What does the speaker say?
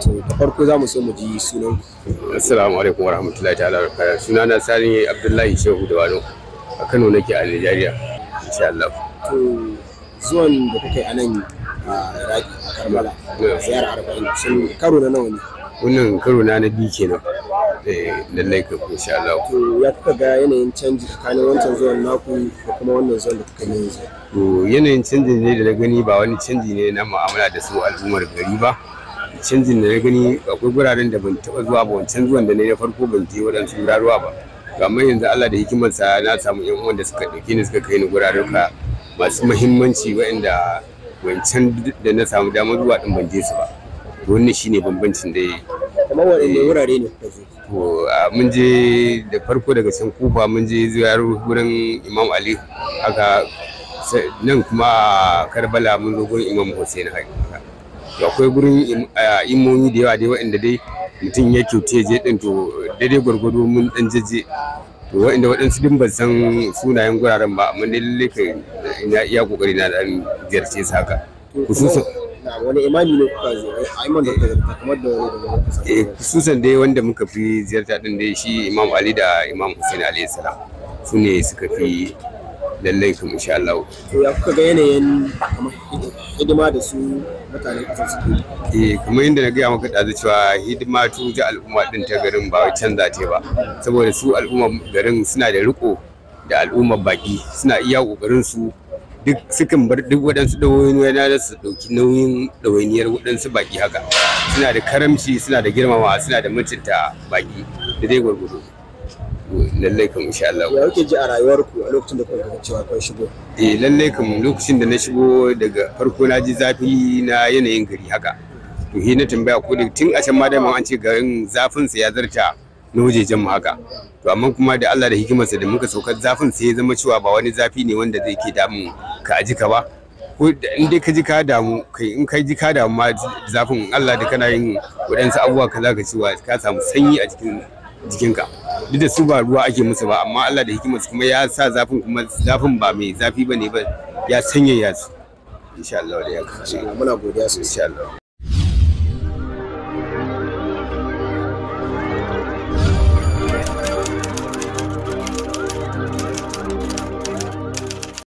to da farko za mu so mu ji sunan assalamu alaikum warahmatullahi ta'ala suna sunana sani abdullahi shehu da wano a Kano nake a Nigeria insha Allah to zuwan da kake a nan a Iraki a Karbala ziyara arba'in sun karo na nawa ne wannan karo na na biyu kenan eh, lallai ka insha Allah. To ya kuka ga yanayin canji tsakanin wancan zuwan naku da kuma wannan zuwan da kuka yanzu. To yanayin canjin ne da na gani ba wani canji ne na mu'amala da su al'ummar gari ba canjin da na gani akwai guraren da ban taɓa zuwa ba wancan zuwan da na na farko ban je waɗansu guraruwa ba to amma yanzu Allah da hikimarsa na samu yan uwan da suka ɗauke ni suka kai ni guraruka masu muhimmanci waɗanda wancan da na samu damar zuwa ɗin ban je su ba to wannan shine bambancin da kamar waɗanne wurare ne kuka to mun je da farko daga can kufa mun je ziyarar wurin Imam Ali haka nan kuma Karbala mun zo gurin Imam Hussein haka akwai gurin imomi da yawa dai inda dai mutum ya kyauce je din to daidai gwargwado mun dan jeje to waɗanda waɗansu din ban san sunayen guraren ba amma dai lalle kan ina iya kokari na dan ziyarce su haka khususan wani imami ne kuka zo eh, a iman da kuka kamar da wani eh khususan dai wanda muka fi ziyarta din dai shi imam ali da imam husaini alayhi salam su ne suka fi lallai kuma insha Allah to ya kuka ga yanayin kamar hidima da su mutanen ƙasar suke eh kamar yadda na gaya maka ɗazu cewa hidima tu ta al'umma ɗin ta garin ba canza ce ba saboda su al'umma garin suna da riko da al'umma baki suna iya ƙoƙarin su duk sukan bar duk waɗansu ɗawainiya da su ɗauki nauyin ɗawainiyar waɗansu baki haka suna da karamci suna da girmama suna da mutunta baki da dai gwargwado lallai kam insha Allah ya kuke ji a rayuwarku a lokacin da kuka ga cewa kun shigo eh lallai kam lokacin da na shigo daga farko na ji zafi na yanayin gari haka to he na tambaya ko da tun a can ma dama an ce garin zafin sa ya zarta na wajejen mu haka to amma kuma da Allah da hikimarsa da muka saukar zafin sai ya zama cewa ba wani zafi ne wanda zai ke damun ka a jika ba ko in dai ka ji ka damu kai in ka ji ka damu ma zafin Allah da kana yin waɗansu abubuwa ka za ka ci ka samu sanyi a jikin jikinka duk da su ba ruwa ake musu ba amma Allah da hikimarsa kuma ya sa zafin kuma zafin ba mai zafi bane ba ya sanyaya su insha Allah da ya kasance muna godiya sosai insha Allah